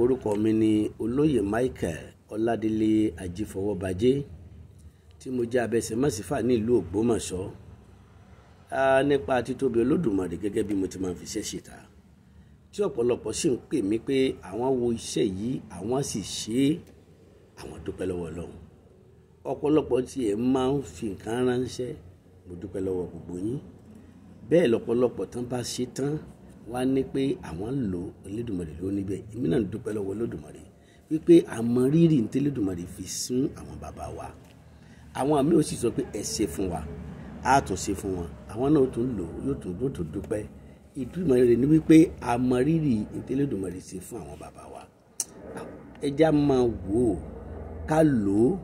orúkọ mi ni olóyè Michael Ọládélé Ajífọwọ́bajé tí mo jẹ́ abẹsẹ̀mọ́sífà nílùú Ògbómọ̀ṣọ́ á nípa títóbi Olódùmarè gẹ́gẹ́ bí mo ti máa fi ṣe ṣètà tí ọ̀pọ̀lọpọ̀ sì ń pè mí pé àwọn wo iṣẹ́ yìí àwọn sì ṣe é àwọn dúpẹ́ lọ́wọ́ Ọlọ́run ọ̀pọ̀lọpọ̀ tí ẹ̀ máa ń fi nǹkan ránṣẹ́ mo dúpẹ́ lọ́wọ́ gbogbo yín bẹ́ẹ̀ lọ́pọ̀lọpọ̀ tán bá ṣe tán wá ní pé àwọn ń lò Olódùmarè ló níbẹ̀ èmi náà dúpẹ́ lọ́wọ́ Olódùmarè wípé àmọ́ rírì ní tẹ́lẹ̀dùmarè fi sún àwọn bàbá wa àwọn àmì ò sì sọ pé ẹ ṣe fún wa á tún ṣe fún wọn àwọn náà tún lò yóò tún yóò tún dúpẹ́ ìdúmọ̀ rẹ̀ ni wípé àmọ́ rírì ní tẹ́lẹ̀dùmarè ṣe fún àwọn bàbá wa ẹja máa wò ó ká lò ó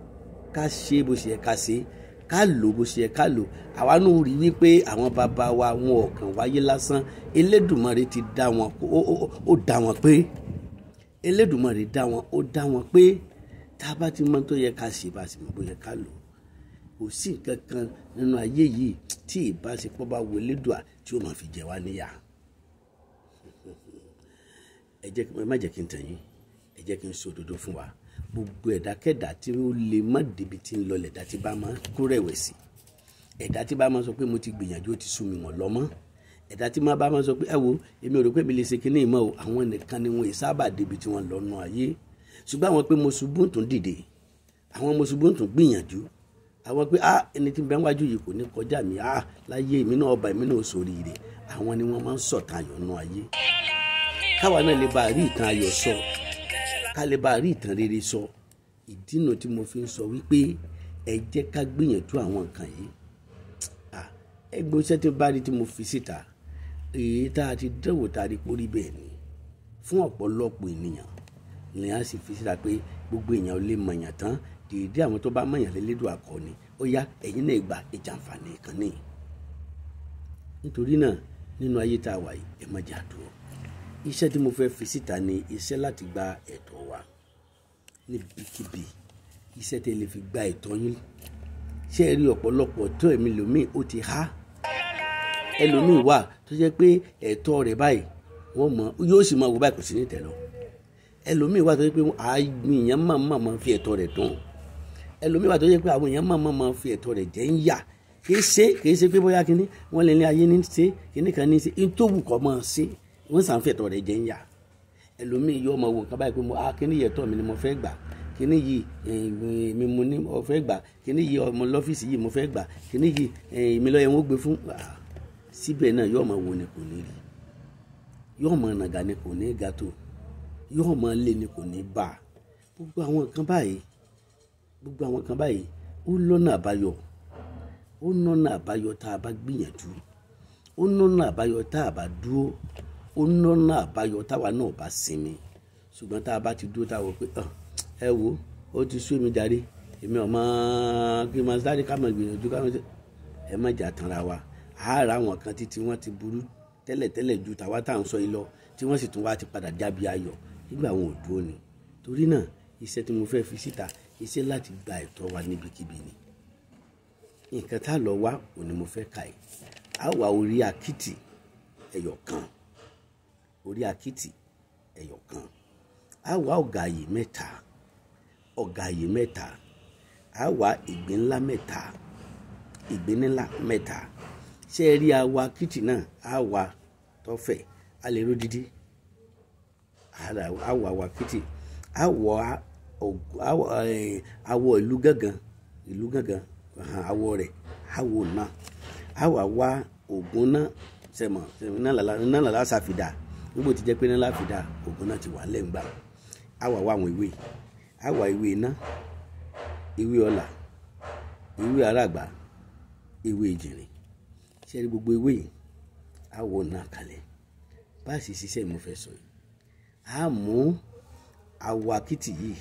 ká ṣe bó ṣe yẹ ká ṣe é ká lò bó ṣe yẹ ká lò àwa náà rí wípé àwọn bàbá wa wọn ọ̀kan wáyé lásán Elédùmarè ti dá wọn ó dá wọn pé Elédùmarè dá wọn ó dá wọn pé tá a bá ti mọ tó yẹ ká ṣe bá a bó yẹ ká lò kò sí nǹkan kan nínú ayé yìí tí ìbáṣepọ̀ bá wọlé dùà tí ó máa fi jẹ wá níyà ẹ má jẹ́ kí n tàn ẹ jẹ́ kí n sọ òdodo fún wa gbogbo ẹ̀dákẹ́dá tí ó lè má débi tí ń lọ lẹ̀dá tí bá máa kó rẹ̀wẹ̀sì ẹ̀dá tí bá máa sọ pé mo ti gbìyànjú ó ti sú mi wọ̀n lọ́mọ́ ẹ̀dá tí máa bá máa sọ pé ẹ wo èmi ò rò pé mi lè ṣe kinní ìmọ̀ o àwọn nìkan ni wọn sábà débi tí wọ́n lọ nù ayé ṣùgbọ́n àwọn pé mo ṣubú tún dìde àwọn mo ṣubú tún gbìyànjú àwọn pé ah ẹni tí bẹ́ẹ̀ wájú yìí kò ní kọjá mi ah láyé èmi náà ọba èmi náà sòríire àwọn ni wọ́n máa ń sọ̀tàn ayọ̀ nù ayé káwa náà lè bá rí ìtàn ayọ̀ sọ ká lè bá rí ìtàn rere sọ ìdínà tí mo fi ń sọ wípé ẹ jẹ́ ká gbìyànjú àwọn nǹkan yìí ẹgbẹ́ iṣẹ́ tí bá rí tí mo fi síta èyí tá a ti dẹ́wò tá a rí pórí bẹ́ẹ̀ ni fún ọ̀pọ̀lọpọ̀ ènìyàn ni a sì fi síta pé gbogbo èèyàn ò lè mọ̀yàn tán dèédé àwọn tó bá mọ̀yàn lélédùn akọni ó yá ẹ̀yin náà gba ìjàǹfààní kan ní. nítorí náà nínú ayé tá a wà yìí ẹ má jà dúró iṣẹ́ tí mo fẹ́ fi síta ni iṣẹ́ láti gba ẹ̀tọ́ wa níbikíbi iṣẹ́ tí ẹ lè fi gba ẹ̀tọ́ yín ṣé ẹ rí ọ̀pọ̀lọpọ̀ tó ẹ̀mí lòmíì ó ti há ẹlòmíì wà tó jẹ́ pé ẹ̀tọ́ rẹ̀ báyìí wọ́n mọ yóò sì máa wò báyìí kò sí ní tẹ̀lọ́ ẹlòmíì wà tó jẹ́ pé àwọn èèyàn máa máa máa fi ẹ̀tọ́ rẹ̀ dùn ẹlòmíì wà tó jẹ́ pé àwọn èèyàn máa máa fi ẹ̀tọ́ rẹ̀ jẹ́ ń yà kì ṣe kì ṣe pé bóyá kínní wọ́n lè ní ayé ní ṣe kínní kan ní ṣe ní tó wù kọ́ máa ṣe wọ́n sàn fẹ̀tọ̀ rẹ̀ jẹ́ ń yà ẹlòmíì yóò máa wò nǹkan pé mo ah kíní yẹtọ mi ni mo fẹ́ gbà kíní yìí eh, mi mo ní mo fẹ́ gbà kíní yìí ọmọ lọ́fíìsì yìí mo fẹ́ gbà kíní yìí eh, èmi lọ́yẹ̀ wọ́n gbé fún ah, síbẹ̀ náà yóò máa wò ni kò ní rí yóò máa nàgà ni kò ní ga tó yóò máa lé ni kò ní bá gbogbo àwọn nǹkan báyìí gbogbo àwọn nǹkan báyìí ó lọ́nà àbáyọ ó nọ́nà àbáyọ tá a bá gbìyànjú ó nọ́nà àbáyọ tá a bá dúró ó nọ́nà àbáyọ táwa náà bá sinmi ṣùgbọ́n tá a bá ti dúró táwọn pé ah, ẹ wo ó ti sú mi darí èmi ọmọ kí n máa sáré ká máa gbìyànjú ká máa ṣe ẹ má jà tanra wa àárá àwọn kan tí tiwọn ti burú tẹ́lẹ̀tẹ́lẹ̀ ju tàwa tá à ń sọ yìí lọ tí wọ́n sì tún wá ti padà jábí ayọ̀ nígbà àwọn ò dúró ni torí náà iṣẹ́ tí mo fẹ́ fi síta iṣẹ́ láti gba ẹ̀tọ́ wa níbikíbi ni nǹkan tá a lọ wá òní mo fẹ́ kà yìí a wà orí akitì ẹyọ kan orí akitì ẹyọ kan á wá ọ̀gàyè mẹ́ta ọ̀gàyè mẹ́ta á wá ìgbín ńlá mẹ́ta ìgbín ńlá mẹ́ta ṣé ẹ rí awa akitì náà á wá tọ́fẹ̀ á lè ró dídí á wá awa akitì á wá awọ ìlú gángan ìlú gángan awọ rẹ̀ awọ náà á wá wá ògùn náà sẹmọ sẹmọ náà làlá nígbò tí jẹ́ pé iná láfi dá ògùn náà ti wà ńlẹ̀ ńgbà á wà wá àwọn ìwé á wà ìwé iná ìwé ọ̀là ìwé aráàgbá ìwé ìjìnrìn ṣe ní gbogbo ìwé yìí á wọ náà kalẹ̀ báàsì ṣiṣẹ́ mo fẹ́ sọ yìí á mú àwọ̀ yìí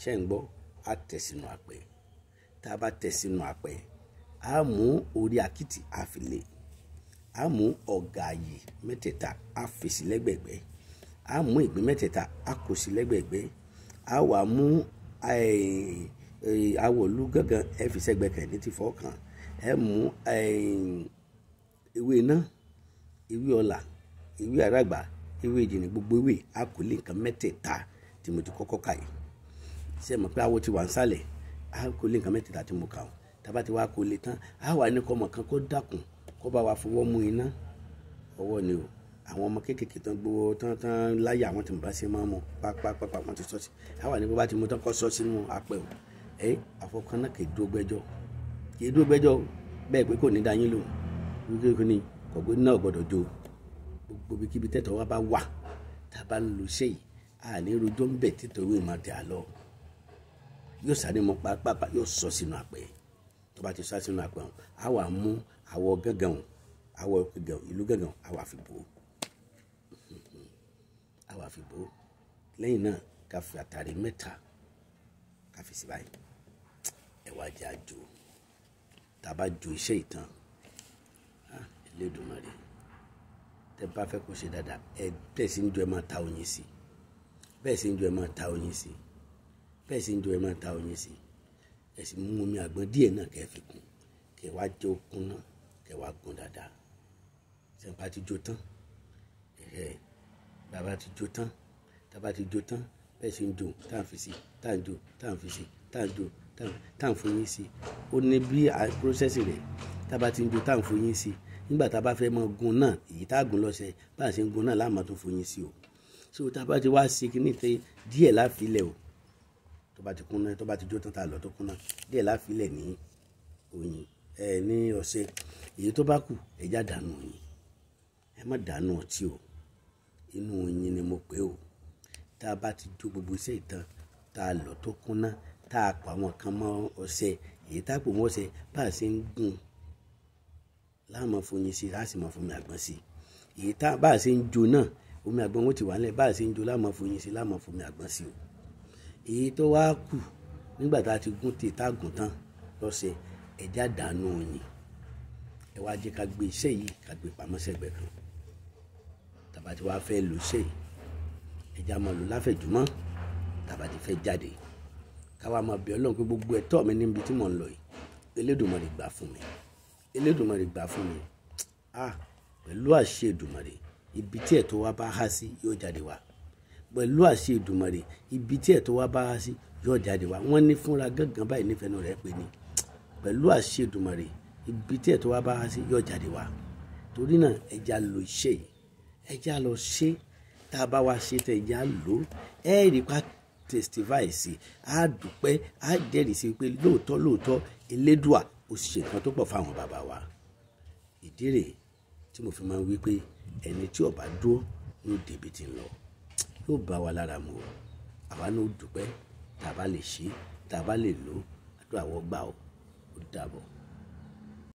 ṣe ń gbọ́ á tẹ̀ àpẹ tá a bá tẹ̀ àpẹ á mú orí àkìtì á fi a mú ọ̀gàyè mẹ́tẹ̀ẹ̀ta a fi sí lẹ́gbẹ̀gbẹ́ a mú ìgbín mẹ́tẹ̀ẹ̀ta a kò sí lẹ́gbẹ̀gbẹ́ a wà mú awòlú gángan ẹ fi sẹ́gbẹ̀ kan ní ti fọ́ kan ẹ mú ewé iná ewé ọ̀là ewé àràgbà ewé ìjìnlẹ̀ gbogbo ewé a kò lé nǹkan mẹ́tẹ̀ẹ̀ta tí mo ti kọ́kọ́ kà yìí ṣe mọ̀ pé awo ti wà ń sálẹ̀ a nǹkan mẹ́tẹ̀ẹ̀ta tí mo kà ó tábà ti wá tán a wà ní kan kó dákun kó bá wa fọwọ́ mú iná ọwọ́ ni o àwọn ọmọ kéékèèké tán gbowó tán tán láyé àwọn tí mo bá ṣe máa mú pápápápá wọn ti sọ sí àwa ní bó bá ti mú tán kọ́ sọ sínú apẹ̀ o ẹ àfọkànnà kì í dúró gbẹ́jọ́ kì í dúró gbẹ́jọ́ bẹ́ẹ̀ pé kò ní dá yín lò wípé kò ní kọ̀gbé náà gbọ́dọ̀ jó gbogbo bí kíbi tẹ́tọ̀ wá bá wà tá a bá ń lo ṣéyìí a ní rojọ́ ń bẹ̀ títọ̀ ìwé ìmọ̀ tẹ̀ àlọ́ yóò sáré mọ́ pápá yóò sọ sínú apẹ̀ yìí tó bá ti sá sínú àpẹ̀ ọ̀hún á wà mú àwọ̀ gángan ọ̀hún àwọ̀ gángan ìlú gángan á wà fi bò ó á wà fi bò ó lẹ́yìn náà ká fi àtàrí mẹ́ta ká fi sí báyìí ẹ jẹ́ àjò tá a bá ju iṣẹ́ ìtàn Elédùmarè tẹ́ bá fẹ́ kó ṣe dáadáa ẹ bẹ́ẹ̀ sì ń jọ ẹ máa ta oyin sí bẹ́ẹ̀ sì ń jọ ẹ máa ta oyin sí bẹ́ẹ̀ sì ń jọ ẹ máa ta oyin sí ẹ sì mú omi àgbọn díẹ̀ náà kẹ́ fi kún kẹ́ wá jẹ́ okun náà kẹ́ wá gún dáadáa sẹ́ńpá ti jó tán ẹ̀hẹ́ bàbá ti jó tán tàbá ti jó tán bẹ́ẹ̀ sì ń dùn tá à ń fi sí tá à ń dùn tá à ń fi sí tá à ń dùn tá à ń foyín sí ó ní bí process rẹ̀ tàbá ti ń dùn tá à ń foyín sí nígbà tá a bá fẹ́ mọ gun náà èyí tá a gun lọ́sẹ̀ bá a ṣe ń gun náà láàmú tó foyín sí o so tá a bá ti wá sí kí tẹ díẹ̀ láfilẹ̀ o tó bá ti kúnná tó bá ti jó tán tá a lọ tó kúnná díẹ̀ láfilẹ̀ ní oyin ẹ ní ọṣẹ èyí tó bá kù ẹja dànù oyin ẹ má dànù ọtí o inú oyin ni mo pè o tá a bá ti jó gbogbo iṣẹ́ ìtàn tá a lọ tó kúnná tá a pa àwọn kan mọ́ ọṣẹ èyí tá a pò mọ́ ọṣẹ bá a ṣe ń gùn láàmú fòyín sí i láàsì mọ́ fún àgbọn sí i èyí tá a bá a ṣe ń jó náà omi àgbọn wọn ti wà nílẹ̀ bá a ṣe ń jó láàmú fòyín sí i láàmú fún àgbọn sí i o èyí tó wá kù nígbà tá a ti gún tè tá a gùn tán lọ́sẹ̀ ẹ̀já dànù òyìn ẹ wá jẹ́ ká gbé iṣẹ́ yìí ká gbé pamọ́ sẹ́gbẹ̀ẹ́ kan tàbá ti wá fẹ́ lò iṣẹ́ yìí ẹ̀já máa lò láfẹ̀jùmọ́ tàbá ti fẹ́ jáde káwa máa bẹ̀ ọlọ́run pé gbogbo ẹ̀tọ́ mi níbi tí mò ń lọ yìí elédùnmọ̀rì gbà fún mi elédùnmọ̀rì gbà fún mi ah pẹ̀lú àṣẹ Èdùmàrè ibi tí ẹ̀tọ́ wa bá há sí yóò jáde wá pẹ̀lú àṣẹ Èdùmàrè ibi tí ẹ̀tọ́ wa bá wá sí yóò jáde wá wọ́n ní fúnra gángan báyìí nífẹ̀ẹ́nu rẹ̀ pé ni pẹ̀lú àṣẹ Èdùmàrè ibi tí ẹ̀tọ́ wa bá wá sí yóò jáde wá torí náà ẹja lò iṣẹ́ yìí ẹja lọ ṣe tá a bá wá ṣe tẹ ẹja lò ẹ rí pa testify sí a dúpẹ́ a jẹ́rìí sí pé lóòótọ́ lóòótọ́ Elédùà ó ṣe nǹkan tó pọ̀ fáwọn bàbá wa ìdí rèé tí mo fi máa ń wí pé ẹni tí ó bá dúró ló débi tí lọ yóò bá wa lára mu o àwa náà dúpẹ́ tá a bá lè ṣe tá a bá lè lò àdúrà wọ́n gbà ó dàbọ̀.